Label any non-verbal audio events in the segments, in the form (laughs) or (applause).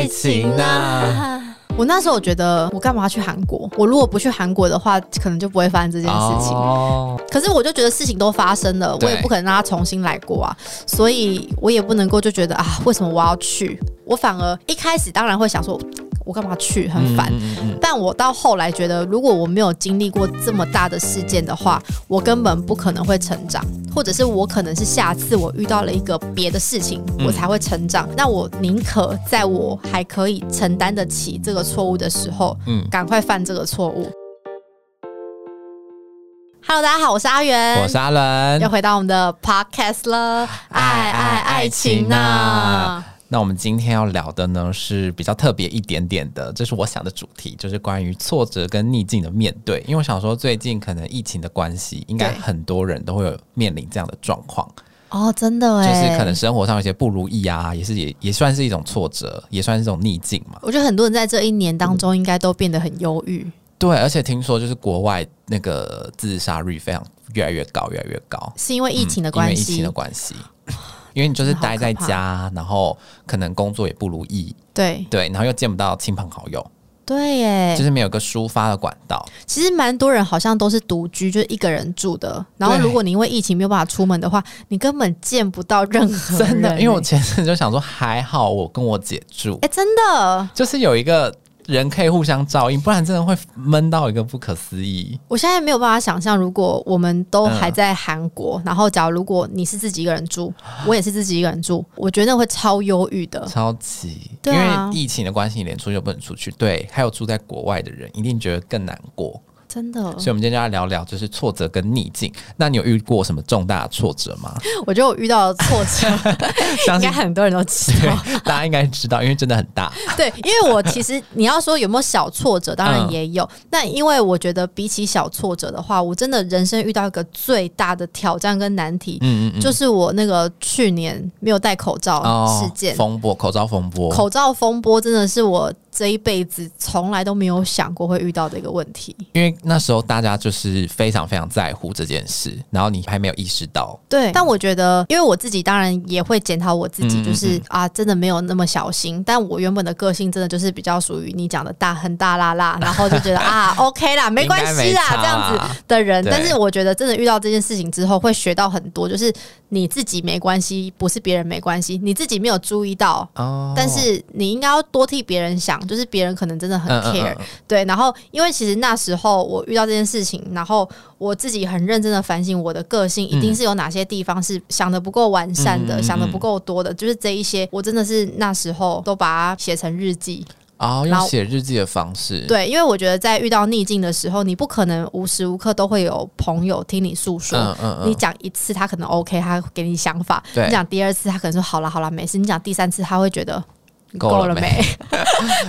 愛情啊！我那時候，我覺得，我幹嘛去韓國？我如果不去韓國的話，可能就不會發生這件事情。可是我就覺得事情都發生了，我也不可能讓他重新來過啊，所以我也不能夠就覺得啊，為什麼我要去？我反而一開始當然會想說。我幹嘛去？很煩。嗯嗯嗯、但我到後來覺得，如果我沒有經歷過這麼大的事件的話，我根本不可能會成長，或者是我可能是下次我遇到了一個別的事情，我才會成長。嗯、那我寧可在我還可以承擔得起這個錯誤的時候，趕、嗯、快犯這個錯誤。嗯、Hello，大家好，我是阿元，我是阿倫，又回到我們的 Podcast 了，愛愛愛情啊！愛愛情啊那我們今天要聊的呢，是比較特別一點點的，這是我想的主題，就是關於挫折跟逆境的面對。因為我想說，最近可能疫情的關係，應該很多人都會有面臨這樣的狀況。哦對，真的哎，就是可能生活上有些不如意啊，也是也也算是一種挫折，也算是一種逆境嘛。我覺得很多人在這一年當中，應該都變得很憂鬱、嗯。對，而且聽說就是國外那個自殺率非常越來越高，越來越高，是因為疫情的關係、嗯。因為疫情的關係。因為你就是待在家，然後可能工作也不如意，對對，然後又見不到親朋好友，對耶，就是沒有個抒發的管道。其實蠻多人好像都是獨居，就是一個人住的。然後如果你因為疫情沒有辦法出門的話，對你根本見不到任何人，欸。真的，因為我前陣子就想說，還好我跟我姐住，哎、欸，真的，就是有一個。人可以互相照應，不然真的會悶到一個不可思議。我現在沒有辦法想象，如果我們都還在韓國，嗯、然後假如如果你是自己一個人住，啊、我也是自己一個人住，我覺得那會超憂鬱的，超級。對、啊，因為疫情的關係，你連出去都不能出去。對，還有住在國外的人，一定覺得更難過。真的，所以，我們今天就來聊聊，就是挫折跟逆境。那你有遇過什麼重大的挫折嗎？我覺得我遇到了挫折 (laughs) 信， (laughs) 應該很多人都知道對 (laughs) ，大家應該知道，因為真的很大。對，因為我其實 (laughs) 你要說有沒有小挫折，當然也有。那、嗯、因為我覺得比起小挫折的話，我真的人生遇到一個最大的挑戰跟難題，嗯嗯，就是我那個去年沒有戴口罩事件，哦、風波，口罩風波，口罩風波真的是我。這一輩子從來都沒有想過會遇到這個問題，因為那時候大家就是非常非常在乎這件事，然後你還沒有意識到。對，但我覺得，因為我自己當然也會檢討我自己，就是嗯嗯嗯啊，真的沒有那麼小心。但我原本的個性真的就是比較屬於你講的大很大啦啦，然後就覺得 (laughs) 啊，OK 啦，沒關係啦，啊、這樣子的人。對但是我覺得，真的遇到這件事情之後，會學到很多，就是。你自己沒關係，不是別人沒關係，你自己沒有注意到，oh. 但是你應該要多替別人想，就是別人可能真的很 care，uh, uh, uh. 對。然後，因為其實那時候我遇到這件事情，然後我自己很認真的反省，我的個性一定是有哪些地方是想的不夠完善的，嗯、想的不夠多的，嗯嗯嗯，就是這一些，我真的是那時候都把它寫成日記。啊、哦，用寫日記的方式。對，因為我覺得在遇到逆境的時候，你不可能無時無刻都會有朋友聽你訴說。嗯嗯嗯、你講一次，他可能 OK，他會給你想法。對。你講第二次，他可能說好了好了，沒事。你講第三次，他會覺得夠了沒？夠了沒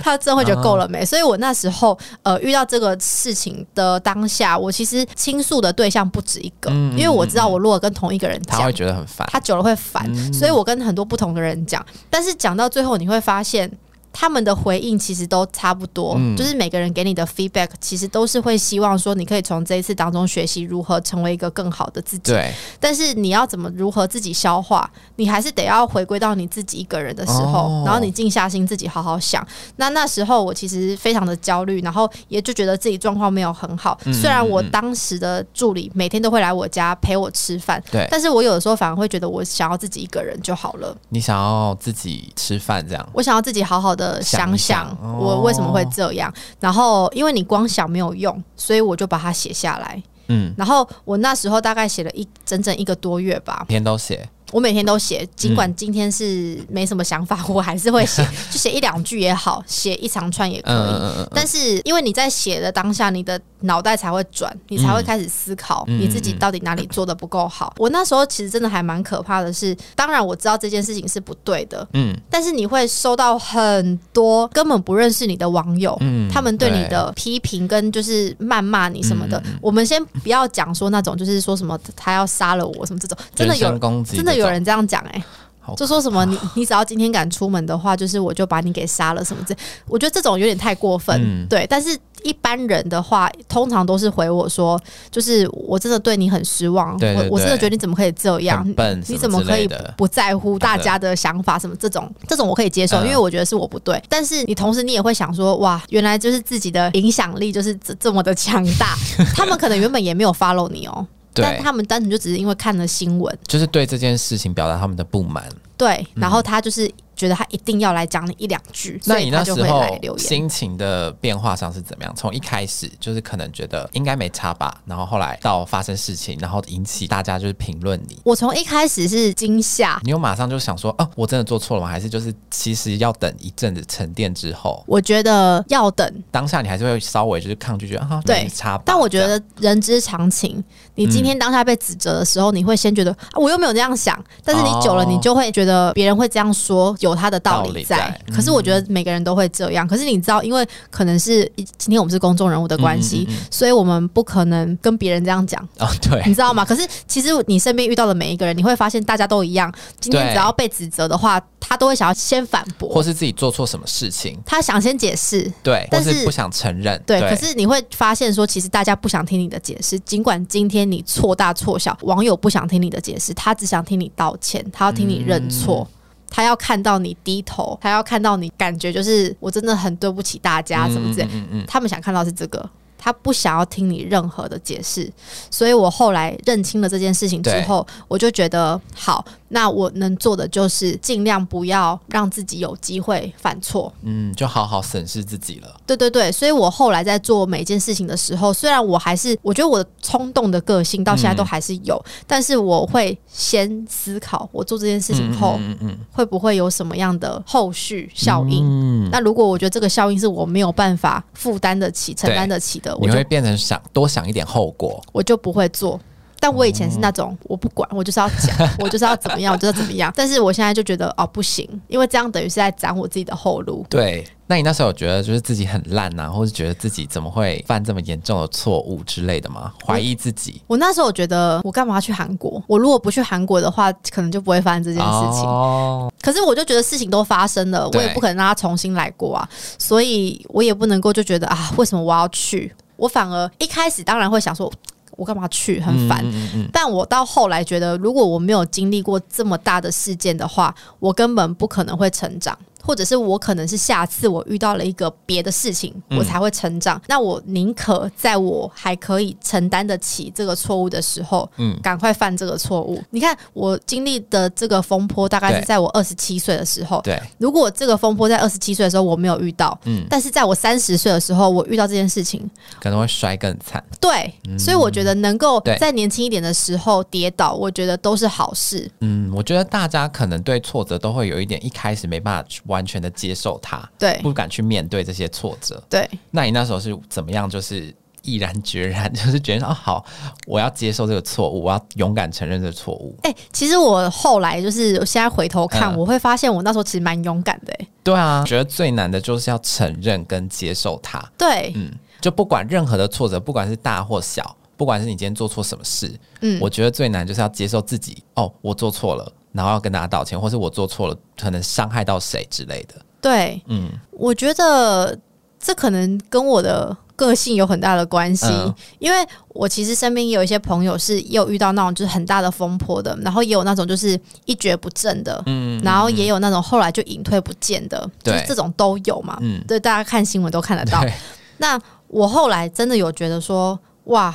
(laughs) 他真的會覺得夠了沒？嗯、所以我那時候呃，遇到這個事情的當下，我其實傾訴的對象不止一個，嗯嗯、因為我知道我如果跟同一個人講，他會覺得很煩，他久了會煩。嗯、所以我跟很多不同的人講，但是講到最後，你會發現。他們的回應其實都差不多，嗯、就是每個人給你的 feedback 其實都是會希望說你可以從這一次當中學習如何成為一個更好的自己。對。但是你要怎麼如何自己消化，你還是得要回歸到你自己一個人的時候，哦、然後你靜下心自己好好想。那那時候我其實非常的焦慮，然後也就覺得自己狀況沒有很好。雖然我當時的助理每天都會來我家陪我吃飯，對。但是我有的時候反而會覺得我想要自己一個人就好了。你想要自己吃飯這樣？我想要自己好好的。的想想，哦、我為什麼會這樣，然後因為你光想沒有用，所以我就把它寫下來。嗯，然後我那時候大概寫了一整整一個多月吧，每天都寫，我每天都寫，儘管今天是沒什麼想法，我，嗯，還是會寫，就寫一兩句也好，寫 (laughs) 一長串也可以。嗯嗯嗯嗯嗯。但是因為你在寫的當下，你的。腦袋才會轉，你才會開始思考你自己到底哪裡做得不夠好。嗯嗯嗯、我那時候其實真的還蠻可怕的是，是當然我知道這件事情是不對的，嗯，但是你會收到很多根本不認識你的網友，嗯、他們對你的批評跟就是謾罵你什麼的。嗯嗯、我們先不要講說那種就是說什麼他要殺了我什麼這種，真的有真的有人這樣講哎、欸，就說什麼你你只要今天敢出門的話，就是我就把你給殺了什麼這，我覺得這種有點太過分，嗯、對，但是。一般人的話，通常都是回我說，就是我真的對你很失望，我我真的覺得你怎麼可以這樣？你怎麼可以不在乎大家的想法？什麼這種、嗯、這種我可以接受，因為我覺得是我不對。嗯、但是你同時你也會想說，哇，原來就是自己的影響力就是這麼的強大， (laughs) 他們可能原本也沒有 follow 你哦、喔，對但他們單純就只是因為看了新聞，就是對這件事情表達他們的不滿。對，然後他就是。嗯覺得他一定要來講你一兩句，那你那時候心情的變化上是怎麼樣？從一開始就是可能覺得應該沒差吧，然後後來到發生事情，然後引起大家就是評論你。我從一開始是驚嚇，你有馬上就想說啊，我真的做錯了嗎？還是就是其實要等一陣子沉澱之後？我覺得要等當下你還是會稍微就是抗拒，覺得對啊對差，但我覺得人之常情，嗯、你今天當下被指責的時候，你會先覺得啊，我又沒有那樣想，但是你久了你就會覺得別人會這樣說有。有他的道理在，道理在，嗯，可是我覺得每個人都會這樣。可是你知道，因為可能是今天我們是公眾人物的關係，嗯嗯嗯，所以我們不可能跟別人這樣講。哦，對，你知道嗎？可是其實你身邊遇到的每一個人，你會發現大家都一樣。今天只要被指責的話，對，他都會想要先反駁，或是自己做錯什麼事情，他想先解釋。對，但是，或是不想承認。對，對，可是你會發現說，其實大家不想聽你的解釋，儘管今天你錯大錯小，網友不想聽你的解釋，他只想聽你道歉，他要聽你認錯。嗯他要看到你低頭，他要看到你感覺就是我真的很對不起大家什麼之類，嗯嗯嗯嗯、他們想看到是這個，他不想要聽你任何的解釋，所以我後來認清了這件事情之後，對我就覺得好。那我能做的就是盡量不要讓自己有機會犯錯，嗯，就好好審視自己了。對對對，所以我後來在做每一件事情的時候，雖然我還是我覺得我的衝動的個性到現在都還是有，但是我會先思考我做這件事情後，嗯嗯，會不會有什麼樣的後續效應？嗯，那如果我覺得這個效應是我沒有辦法負擔得起、承擔得起的，我就會變成想多想一點後果，我就不會做。但我以前是那種，嗯、我不管，我就是要講，我就是要怎麼樣， (laughs) 我就是要怎麼樣。但是我現在就覺得哦，不行，因為這樣等於是在斬我自己的後路。對。那你那時候有覺得就是自己很爛吶、啊，或者覺得自己怎麼會犯這麼嚴重的錯誤之類的嗎？懷疑自己、嗯？我那時候我覺得，我幹嘛要去韓國？我如果不去韓國的話，可能就不會發生這件事情。哦。可是我就覺得事情都發生了，我也不可能讓它重新來過啊。所以我也不能夠就覺得啊，為什麼我要去？我反而一開始當然會想說。我幹嘛去？很煩。嗯嗯嗯嗯，但我到後來覺得，如果我沒有經歷過這麼大的事件的話，我根本不可能會成長。或者是我可能是下次我遇到了一個別的事情，嗯，我才會成長。那我寧可在我還可以承擔得起這個錯誤的時候，嗯，趕快犯這個錯誤。你看我經歷的這個風波，大概是在我二十七歲的時候。對，如果這個風波在二十七歲的時候我沒有遇到，嗯對，但是在我三十歲的時候，我遇到這件事情，可能會摔更慘。對，嗯，所以我覺得能夠在年輕一點的時候跌倒，我覺得都是好事。嗯，我覺得大家可能對挫折都會有一點，一開始沒辦法。完全的接受它，對，不敢去面對這些挫折，對。那你那時候是怎麼樣？就是毅然決然，就是覺得好，我要接受這個錯誤，我要勇敢承認這個錯誤。誒、欸，其實我後來就是我現在回頭看，嗯、我會發現我那時候其實蠻勇敢的、欸，對啊，覺得最難的就是要承認跟接受它，對，嗯，就不管任何的挫折，不管是大或小，不管是你今天做錯什麼事，嗯，我覺得最難就是要接受自己，哦，我做錯了。然後要跟大家道歉，或是我做錯了，可能傷害到誰之類的。對，嗯，我覺得這可能跟我的個性有很大的關係，嗯、因為我其實身邊也有一些朋友是也有遇到那種就是很大的風波的，然後也有那種就是一蹶不振的，嗯，嗯，嗯，嗯，然後也有那種後來就隱退不見的，嗯、就是這種都有嘛，嗯、對，大家看新聞都看得到。對那我後來真的有覺得說，哇。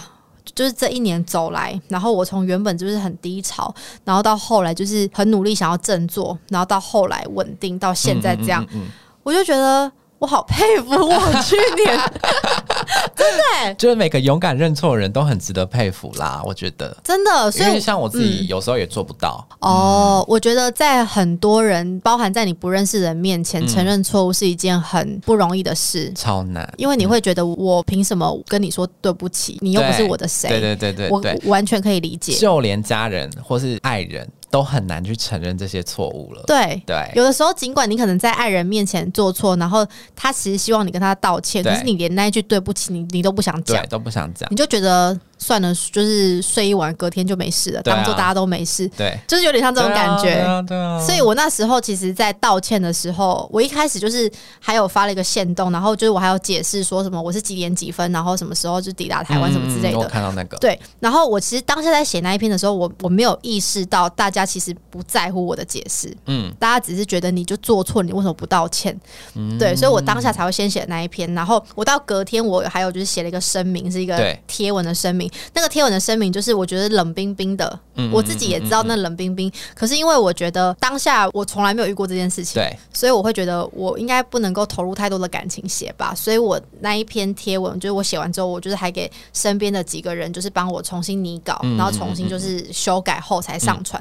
就是這一年走來，然後我從原本就是很低潮，然後到後來就是很努力想要振作，然後到後來穩定到現在這樣，嗯嗯嗯嗯嗯，我就覺得我好佩服我去年。 (laughs) (laughs) 對的、欸，就是每個勇敢認錯的人都很值得佩服啦，我覺得真的。所以像我自己，有時候也做不到、嗯、哦。嗯、我覺得在很多人，包含在你不認識的人面前、嗯、承認錯誤是一件很不容易的事，超難。因為你會覺得我憑什麼跟你說對不起？嗯、你又不是我的誰？對對，對對對對，我完全可以理解。就連家人或是愛人。都很難去承認這些錯誤了。對對，對，有的時候，儘管你可能在愛人面前做錯，然後他其實希望你跟他道歉，對，可是你連那一句對不起你，你你都不想講，都不想講，你就覺得。算了，就是睡一晚，隔天就沒事了，啊、當做大家都沒事，對，就是有點像這種感覺，對啊，對啊，對啊，所以我那時候其實，在道歉的時候，我一開始就是還有發了一個限動，然後就是我還有解釋說什麼我是幾點幾分，然後什麼時候就抵達台灣什麼之類的，嗯嗯，我看到那個，對，然後我其實當下在寫那一篇的時候，我我沒有意識到大家其實不在乎我的解釋，嗯，大家只是覺得你就做錯，你為什麼不道歉？嗯，嗯，嗯，對，所以我當下才會先寫那一篇，然後我到隔天我還有就是寫了一個聲明，是一個貼文的聲明。那個貼文的聲明就是，我覺得冷冰冰的，我自己也知道那冷冰冰。可是因為我覺得當下我從來沒有遇過這件事情，所以我會覺得我應該不能夠投入太多的感情寫吧。所以我那一篇貼文，就是我寫完之後，我就是還給身邊的幾個人，就是幫我重新擬稿，然後重新就是修改後才上傳。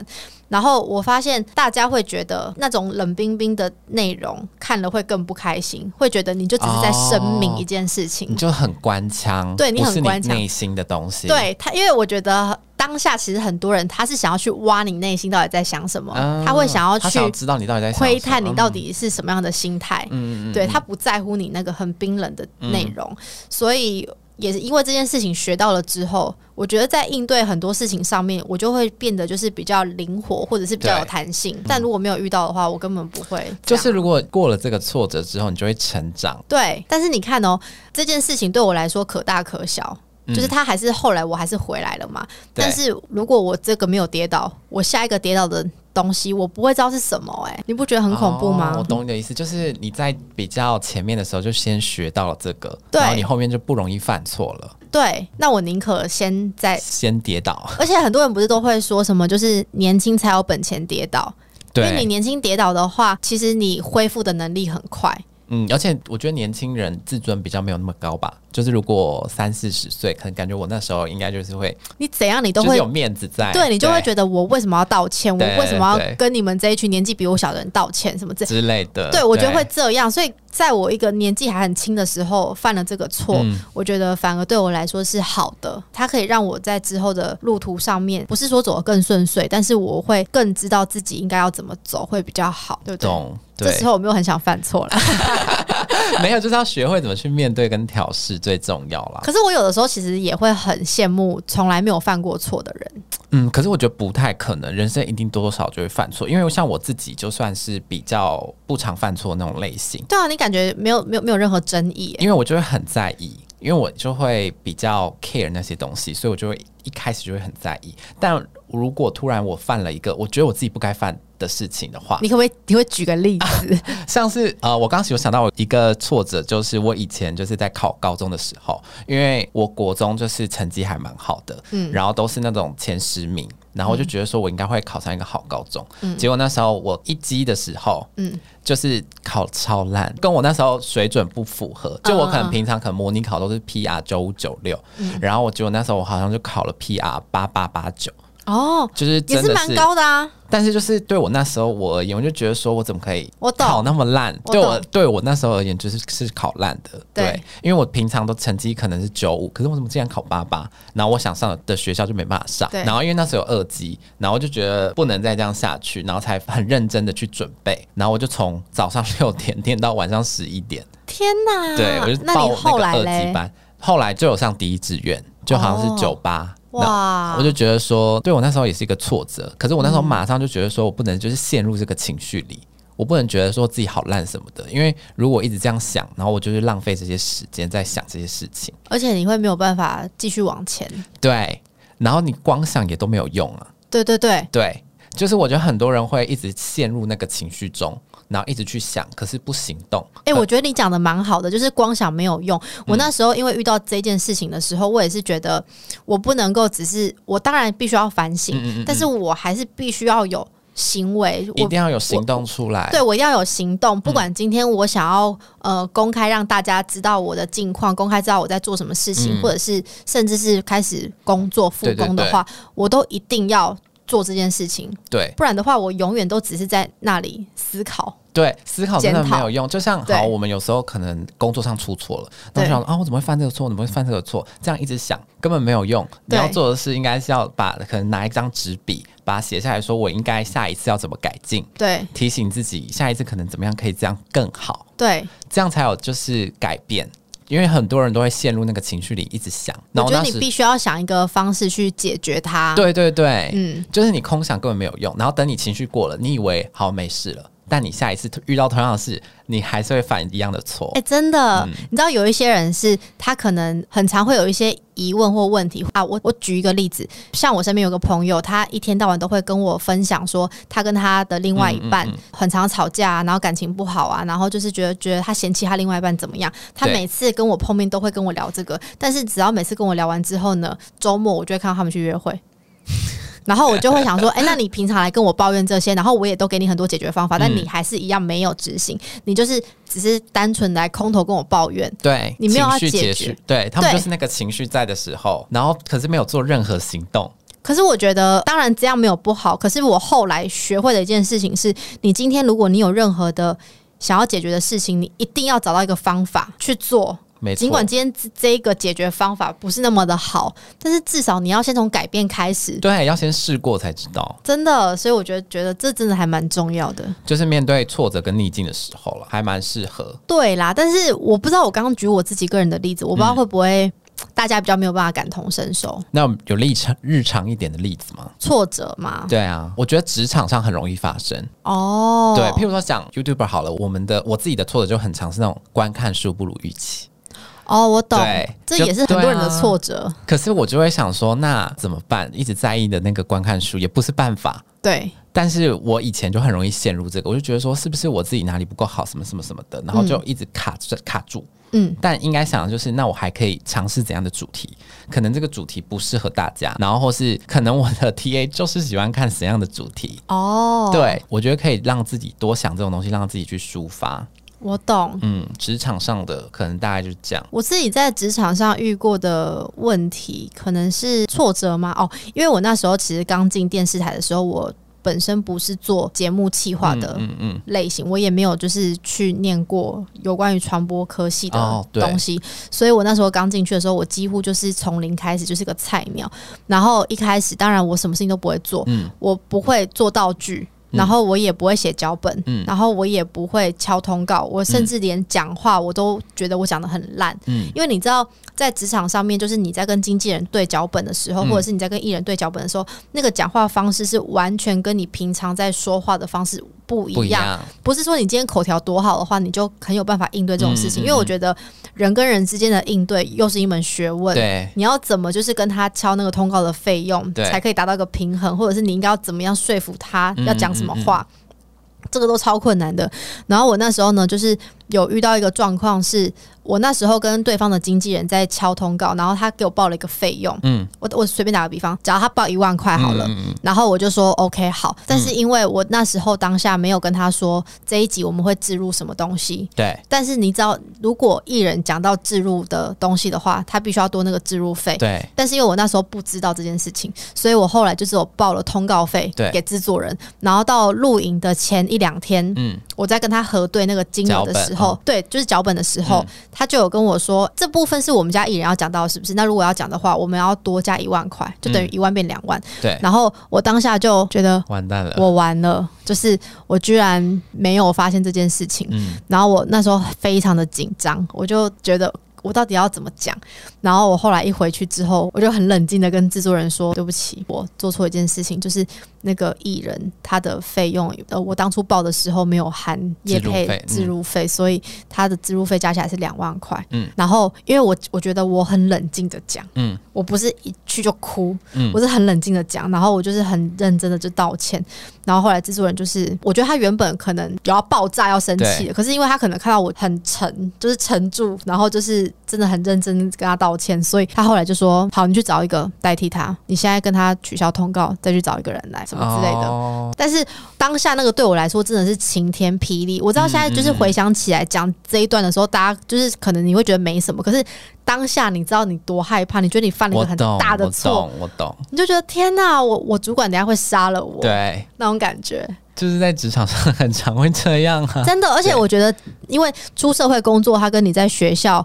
然後我發現大家會覺得那種冷冰冰的內容看了會更不開心，會覺得你就只是在聲明一件事情，哦、你就很官腔，對你很官腔，是內心的東西。對他，因為我覺得當下其實很多人他是想要去挖你內心到底在想什麼，嗯、他會想要去知道你到底在窺探你到底是什麼樣的心態。嗯嗯嗯、對他不在乎你那個很冰冷的內容，嗯、所以。也是因為這件事情學到了之後，我覺得在應對很多事情上面，我就會變得就是比較靈活，或者是比較有彈性。嗯，但如果沒有遇到的話，我根本不會。就是如果過了這個挫折之後，你就會成長。對，但是你看哦，這件事情對我來說可大可小。就是他還是後來我還是回來了嘛。嗯、但是如果我這個沒有跌倒，我下一個跌倒的東西，我不會知道是什麼、欸。哎，你不覺得很恐怖嗎？哦、我懂你的意思，嗯、就是你在比較前面的時候就先學到了這個，對然後你後面就不容易犯錯了。對，那我寧可現在先跌倒。而且很多人不是都會說什麼，就是年輕才有本錢跌倒。對因為你年輕跌倒的話，其實你恢復的能力很快。嗯，而且我覺得年輕人自尊比較沒有那麼高吧。就是如果三四十歲，可能感覺我那時候應該就是會，你怎樣你都會有面子在，對，你就會覺得我為什麼要道歉？對我為什麼要跟你們這一群年紀比我小的人道歉？什麼這之類的？對，我覺得會這樣。對所以在我一個年紀還很輕的時候犯了這個錯，嗯、我覺得反而對我來說是好的，它可以讓我在之後的路途上面不是說走得更順遂，但是我會更知道自己應該要怎麼走會比較好，對不對？懂，對，這時候我沒有很想犯錯了。 (laughs) (laughs) 沒有，就是要學會怎麼去面對跟調適最重要啦，可是我有的時候其實也會很羨慕從來沒有犯過錯的人。嗯，可是我覺得不太可能，人生一定多多少少就會犯錯，因為像我自己就算是比較不常犯錯那種類型、嗯。對啊，你感覺沒有沒有沒有任何爭議？因為我就會很在意，因為我就會比較 care 那些東西，所以我就會一開始就會很在意。但如果突然我犯了一個，我覺得我自己不該犯。的事情的話，你可不可以？你會舉個例子？啊、像是呃，我剛有想到我一個挫折，就是我以前就是在考高中的時候，因為我國中就是成績還蠻好的，嗯，然後都是那種前十名，然後就覺得說我應該會考上一個好高中，嗯，結果那時候我一基的時候，嗯，就是考超爛，跟我那時候水準不符合，就我可能平常可能模擬考都是 P R 九五九六，然後我結果那時候我好像就考了 P R 八八八九。哦，就是，是也是蠻高的啊！但是就是對我那時候我而言，我就覺得說我怎麼可以我懂考那麼爛？我懂對我對我那時候而言，就是是考爛的，對，對，因為我平常的成績可能是九五，可是我怎麼竟然考八八？然後我想上的學校就沒辦法上。對然後因為那時候有二級，然後我就覺得不能再這樣下去，然後才很認真的去準備。然後我就從早上六點練到晚上十一點。天哪、啊！對，我就報那個二級班。後來，後來就有上第一志願，就好像是九八、哦。哇！我就覺得說，對我那時候也是一個挫折。可是我那時候馬上就覺得說，我不能就是陷入這個情緒裡，我不能覺得說自己好爛什麼的。因為如果一直這樣想，然後我就是浪費這些時間在想這些事情，而且你會沒有辦法繼續往前。對，然後你光想也都沒有用啊。對對對對，就是我覺得很多人會一直陷入那個情緒中。然後一直去想，可是不行動。誒、欸，可我覺得你講的蠻好的，就是光想沒有用。我那時候因為遇到這件事情的時候，嗯、我也是覺得我不能夠只是，我當然必須要反省，嗯嗯嗯，但是我還是必須要有行為，我一定要有行動出來。對，我要有行動，不管今天我想要呃公開讓大家知道我的近況，公開知道我在做什麼事情，嗯、或者是甚至是開始工作復工的話，對對對對，我都一定要做這件事情，對，不然的話，我永遠都只是在那裡思考，對，思考真的沒有用。討就像好，我們有時候可能工作上出錯了，對然後想啊，我怎麼會犯這個錯？怎麼會犯這個錯？這樣一直想根本沒有用。對你要做的事應該是要把可能拿一張紙筆把它寫下來說，我應該下一次要怎麼改進？對，提醒自己下一次可能怎麼樣可以這樣更好？對，這樣才有就是改變。因為很多人都會陷入那個情緒裡，一直想。然後那你必須要想一個方式去解決它。對對對，嗯，就是你空想根本沒有用。然後等你情緒過了，你以為好沒事了。但你下一次遇到同樣的事，你還是會犯一樣的錯。哎，欸，真的，嗯，你知道有一些人是，他可能很常會有一些疑問或問題啊。我我舉一個例子，像我身邊有個朋友，他一天到晚都會跟我分享說，他跟他的另外一半很常吵架啊，然後感情不好啊，然後就是覺得覺得他嫌棄他另外一半怎麼樣。他每次跟我碰面，都會跟我聊這個，對但是只要每次跟我聊完之後呢，周末我就會看到他們去約會。 (laughs) (laughs) 然後我就會想說，哎、欸，那你平常來跟我抱怨這些，然後我也都給你很多解決方法，嗯、但你還是一樣沒有執行，你就是只是單純來空頭跟我抱怨，對，你沒有要解決，對，他們就是那個情緒在的時候，對然後可是沒有做任何行動。可是我覺得，當然這樣沒有不好。可是我後來學會的一件事情是，你今天如果你有任何的想要解決的事情，你一定要找到一個方法去做。沒錯，儘管今天這這個解決方法不是那麼的好，但是至少你要先從改變開始。對，要先試過才知道。真的，所以我覺得覺得這真的還蠻重要的，就是面對挫折跟逆境的時候了，還蠻適合。對啦，但是我不知道我剛剛舉我自己個人的例子，我不知道會不會、嗯、大家比較沒有辦法感同身受。那有日常日常一點的例子嗎？挫折嗎？對啊，我覺得職場上很容易發生。哦，對，譬如說講 YouTuber 好了，我們的我自己的挫折就很常是那種觀看數不如預期。哦，oh, 我懂，對這也是很多人的挫折，啊。可是我就會想說，那怎麼辦？一直在意的那個觀看數也不是辦法。對，但是我以前就很容易陷入這個，我就覺得說，是不是我自己哪裡不夠好，什麼什麼什麼的，然後就一直卡着、嗯、卡住。嗯，但應該想的就是，那我還可以嘗試怎樣的主題？可能這個主題不適合大家，然後或是可能我的 T A 就是喜歡看什麼樣的主題。哦，對，我覺得可以讓自己多想這種東西，讓自己去抒發。我懂，嗯，職場上的可能大概就是這樣。我自己在職場上遇過的問題，可能是挫折嗎？哦，因為我那時候其實剛進電視台的時候，我本身不是做節目企劃的類型，嗯，嗯，嗯。我也沒有就是去念過有關於傳播科系的東西，哦，對。所以我那時候剛進去的時候，我幾乎就是從零開始，就是個菜鳥。然後一開始，當然我什麼事情都不會做，嗯，我不會做道具。然後我也不會寫腳本，然後我也不會敲通告，我甚至連講話我都覺得我講得很爛，嗯，因為你知道在職場上面，就是你在跟經紀人對腳本的時候，或者是你在跟藝人對腳本的時候，那個講話方式是完全跟你平常在說話的方式不一樣，不一樣，不是說你今天口條多好的話，你就很有辦法應對這種事情，因為我覺得人跟人之間的應對又是一門學問，對，你要怎麼就是跟他敲那個通告的費用，對，才可以達到一個平衡，或者是你應該要怎麼樣說服他要講什麼。嗯、怎麼畫？這個都超困難的。然後我那時候呢，就是。有遇到一個狀況，是我那時候跟對方的經紀人在敲通告，然後他給我報了一個費用，嗯，我我隨便打個比方，只要他報一萬塊好了，嗯嗯嗯，然後我就說 OK 好，但是因為我那時候當下沒有跟他說這一集我們會置入什麼東西，嗯、對，但是你知道，如果藝人講到置入的東西的話，他必須要多那個置入費，對，但是因為我那時候不知道這件事情，所以我後來就是我報了通告費給制作人，對然後到錄影的前一兩天，嗯。我在跟他核對那個金額的時候，哦、對，就是腳本的時候，嗯、他就有跟我說，這部分是我們家藝人要講到的，是不是？那如果要講的話，我們要多加一萬塊，就等於一萬變兩萬，嗯。對，然後我當下就覺得完，完蛋了，我完了，就是我居然沒有發現這件事情。嗯、然後我那時候非常的緊張，我就覺得。我到底要怎麼講？然後我後來一回去之後，我就很冷靜的跟製作人說：“對不起，我做錯一件事情，就是那個藝人他的費用，呃，我當初報的時候沒有含業配、置入費，所以他的置入費加起來是兩萬塊。嗯，然後因為我我覺得我很冷靜的講，嗯，我不是一去就哭，嗯，我是很冷靜的講，然後我就是很認真的就道歉。然後後來制作人就是，我覺得他原本可能有要爆炸、要生氣了，對可是因為他可能看到我很沉，就是沉住，然後就是。真的很認真跟他道歉，所以他後來就說：“好，你去找一個代替他，你現在跟他取消通告，再去找一個人來什麼之類的。”哦，但是當下那個對我來說真的是晴天霹靂。我知道現在就是回想起來講這一段的時候，嗯，大家就是可能你會覺得沒什麼，可是當下你知道你多害怕，你覺得你犯了一個很大的錯，我懂，我懂，你就覺得天吶啊，我我主管等下會殺了我，對，那種感覺就是在職場上很常會這樣啊。真的，而且我覺得，因為出社會工作，他跟你在學校。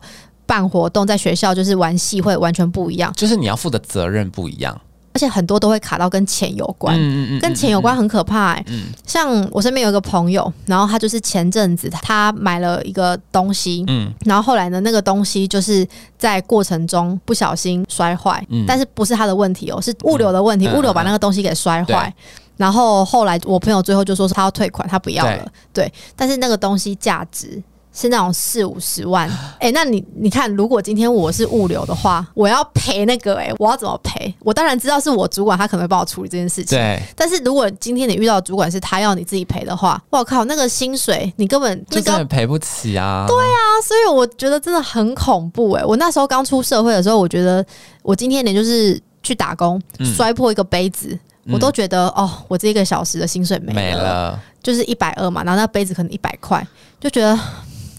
辦活動，在學校就是玩戲會完全不一樣，就是你要負的責任不一樣，而且很多都會卡到跟錢有關，嗯嗯嗯，嗯嗯跟錢有關很可怕、欸。嗯、像我身邊有一個朋友，然後他就是前陣子他買了一個東西，嗯，然後後來呢，那個東西就是在過程中不小心摔壞，嗯、但是不是他的問題哦、喔，是物流的問題，嗯、物流把那個東西給摔壞，嗯嗯、然後後來我朋友最後就說，說他要退款，他不要了，對，對，但是那個東西價值。是那種四五十萬，哎、欸，那你你看，如果今天我是物流的話，我要賠那個、欸，哎，我要怎麼賠？我當然知道是我主管，他可能會幫我處理這件事情。對，但是如果今天你遇到主管是他要你自己賠的話，我靠，那個薪水你根本、那個、就根本賠不起啊！對啊，所以我覺得真的很恐怖、欸，哎，我那時候剛出社會的時候，我覺得我今天你就是去打工、嗯、摔破一個杯子，嗯、我都覺得哦，我這一個小時的薪水沒了，沒了就是一百二嘛，然後那杯子可能一百塊，就覺得。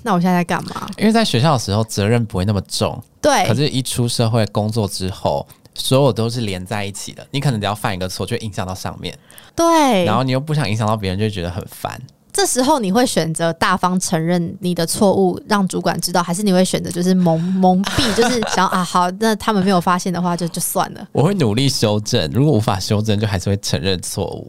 那我現在在幹嘛？因為在學校的時候責任不會那麼重，對。可是，一出社會工作之後，所有都是連在一起的。你可能只要犯一個錯，就會影響到上面。對。然後你又不想影響到別人，就會覺得很煩。這時候你會選擇大方承認你的錯誤，讓主管知道，還是你會選擇就是蒙蒙蔽，就是想 (laughs) 啊好，那他們沒有發現的話就就算了。我會努力修正，如果無法修正，就還是會承認錯誤。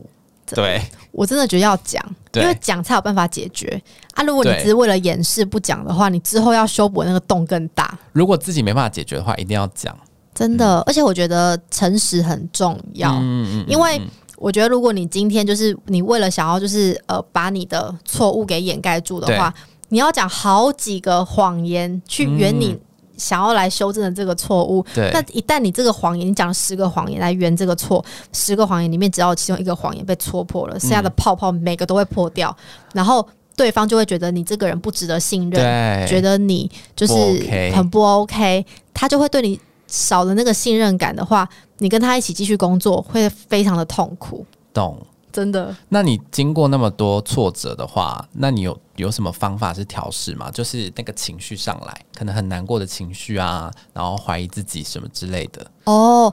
對，我真的覺得要講，因為講才有辦法解決對啊！如果你只是為了掩飾不講的話，對你之後要修補那個洞更大。如果自己沒辦法解決的話，一定要講。真的，嗯、而且我覺得誠實很重要。嗯嗯，嗯，嗯，因為我覺得，如果你今天就是你為了想要就是呃把你的錯誤給掩蓋住的話，嗯、你要講好幾個謊言去圓你、嗯。想要來修正的這個錯誤，對但一旦你這個謊言，你講了十個謊言來圓這個錯，十個謊言裡面只要其中一個謊言被戳破了，嗯，剩下的泡泡每個都會破掉，然後對方就會覺得你這個人不值得信任，對覺得你就是很不 OK，不 OK，他就會對你少了那個信任感的話，你跟他一起繼續工作會非常的痛苦。懂。真的？那你經過那麼多挫折的話，那你有有什麼方法是調適嗎？就是那個情緒上來，可能很難過的情緒啊，然後懷疑自己什麼之類的哦。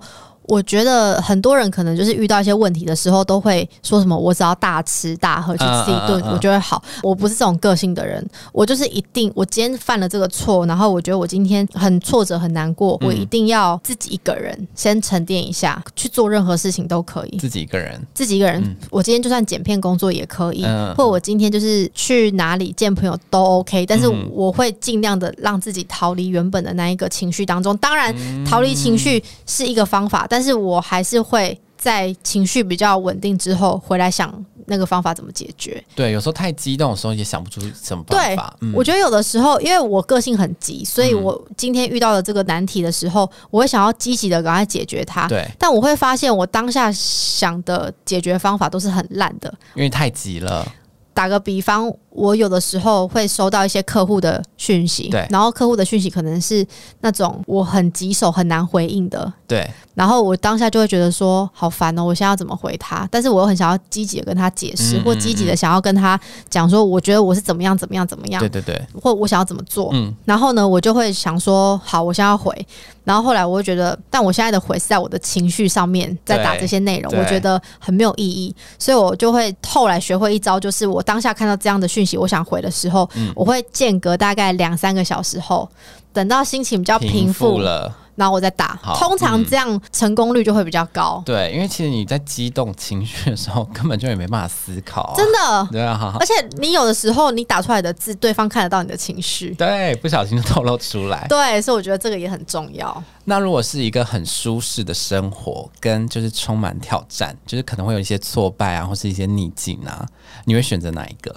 我覺得很多人可能就是遇到一些問題的時候，都會說什麼“我只要大吃大喝去吃一頓，我就會好”。我不是這種個性的人，我就是一定，我今天犯了這個錯，然後我覺得我今天很挫折很難過，我一定要自己一個人先沉澱一下，去做任何事情都可以。自己一個人，自己一個人，我今天就算剪片工作也可以，或者我今天就是去哪裡見朋友都 OK。但是我會盡量的讓自己逃離原本的那一個情緒當中。當然，逃離情緒是一個方法，但但是我還是會在情緒比較穩定之後回來想那個方法怎麼解決。對，有時候太激動的時候也想不出什麼辦法。對嗯，我覺得有的時候，因為我個性很急，所以我今天遇到的這個難題的時候，我會想要積極的趕快解決它。對，但我會發現我當下想的解決方法都是很爛的，因為太急了。打個比方。我有的時候會收到一些客戶的訊息，對。然後客戶的訊息可能是那種我很棘手，很難回應的，對。然後我當下就會覺得說好煩哦、喔，我現在要怎麼回他？但是我又很想要積極的跟他解釋，嗯嗯嗯或積極的想要跟他講說，我覺得我是怎麼樣、怎麼樣、怎麼樣，對對對，或我想要怎麼做？嗯。然後呢，我就會想說，好，我現在要回。然後後來，我會覺得，但我現在的回是在我的情緒上面在打這些內容，對。我覺得很沒有意義。所以我就會後來學會一招，就是我當下看到這樣的訊。訊息，我想回的時候，嗯、我會間隔大概兩三個小時後，等到心情比較平復了，然後我再打。好通常這樣成功率就會比較高。嗯、對，因為其實你在激動情緒的時候，根本就也沒辦法思考、啊。真的，對啊。而且你有的時候，你打出來的字，對方看得到你的情緒。對，不小心就透露出來。 (laughs) 對，所以我覺得這個也很重要。那如果是一個很舒適的生活，跟就是充滿挑戰，就是可能會有一些挫敗啊，或是一些逆境啊，你會選擇哪一個？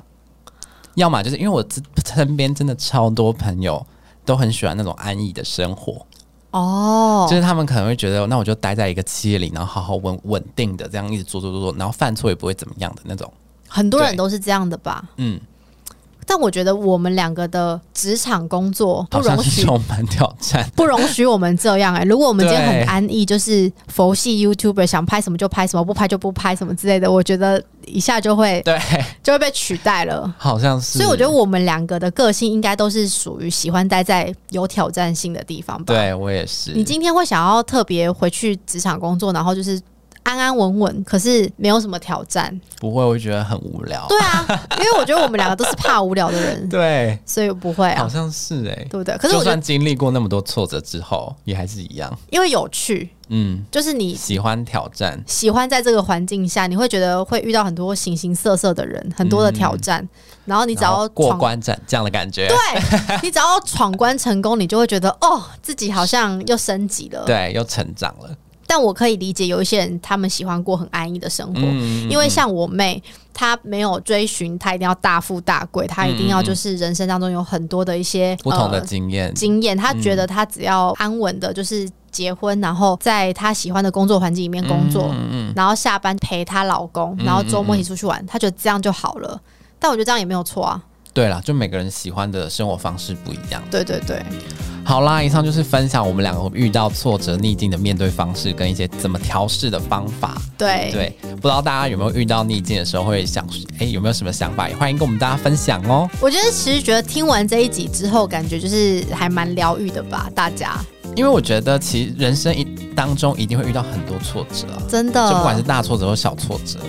要麼就是因為我身邊真的超多朋友都很喜歡那種安逸的生活哦，就是他們可能會覺得，那我就待在一個企業裡，然後好好穩穩定的這樣一直做做做做，然後犯錯也不會怎麼樣的那種。很多人對都是這樣的吧？嗯。但我覺得我們兩個的職場工作不容許我們，不容許我們這樣哎、欸。如果我們今天很安逸，就是佛系 YouTuber，想拍什麼就拍什麼，不拍就不拍什麼之類的，我覺得一下就會，對，就會被取代了。好像是。所以我覺得我們兩個的個性應該都是屬於喜歡待在有挑戰性的地方吧。對，我也是。你今天會想要特別回去職場工作，然後就是。安安穩穩，可是沒有什麼挑戰。不會，我會覺得很無聊。對啊，因為我覺得我們兩個都是怕無聊的人，對，所以不會啊，好像是哎，對不對？可是就算經歷過那麼多挫折之後，也還是一樣，因為有趣，嗯，就是你喜歡挑戰，喜歡在這個環境下，你會覺得會遇到很多形形色色的人，很多的挑戰，然後你只要過關戰這樣的感覺，對，你只要闖關成功，你就會覺得哦，自己好像又升級了，對，又成長了。但我可以理解，有一些人他們喜歡過很安逸的生活，嗯、因為像我妹，她、嗯、沒有追尋，她一定要大富大貴，她一定要就是人生當中有很多的一些、嗯呃、不同的經驗經驗。她覺得她只要安穩的，就是結婚，嗯、然後在她喜歡的工作環境裡面工作，嗯、然後下班陪她老公，嗯、然後週末一起出去玩，她、嗯、覺得這樣就好了。嗯、但我覺得這樣也沒有錯啊。對啦，就每個人喜歡的生活方式不一樣。對對對，好啦，以上就是分享我們兩個遇到挫折逆境的面對方式跟一些怎麼調試的方法。對對，不知道大家有沒有遇到逆境的時候會想，哎，有沒有什麼想法？也歡迎跟我們大家分享哦。我覺得其實覺得聽完這一集之後，感覺就是還蠻療癒的吧，大家。因為我覺得其實人生一當中一定會遇到很多挫折啊，真的，就不管是大挫折或小挫折。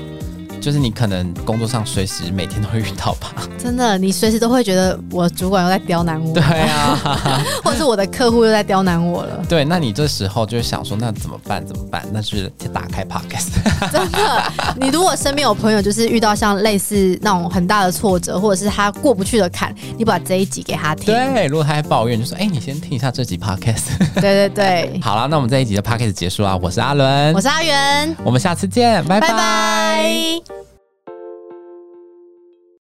就是你可能工作上隨時每天都會遇到吧，真的，你隨時都會覺得我主管又在刁難我，對啊，或者是我的客戶又在刁難我了，對，那你這時候就想說那怎麼辦？怎麼辦？那就是打開 podcast。真的，你如果身邊有朋友就是遇到像類似那種很大的挫折，或者是他過不去的坎，你把這一集給他聽。對，如果他還抱怨，就說：“哎、欸，你先聽一下這集 podcast。”對對對。好啦，那我們這一集的 podcast 結束啦，我是阿倫，我是阿元，我們下次見，拜拜。拜拜。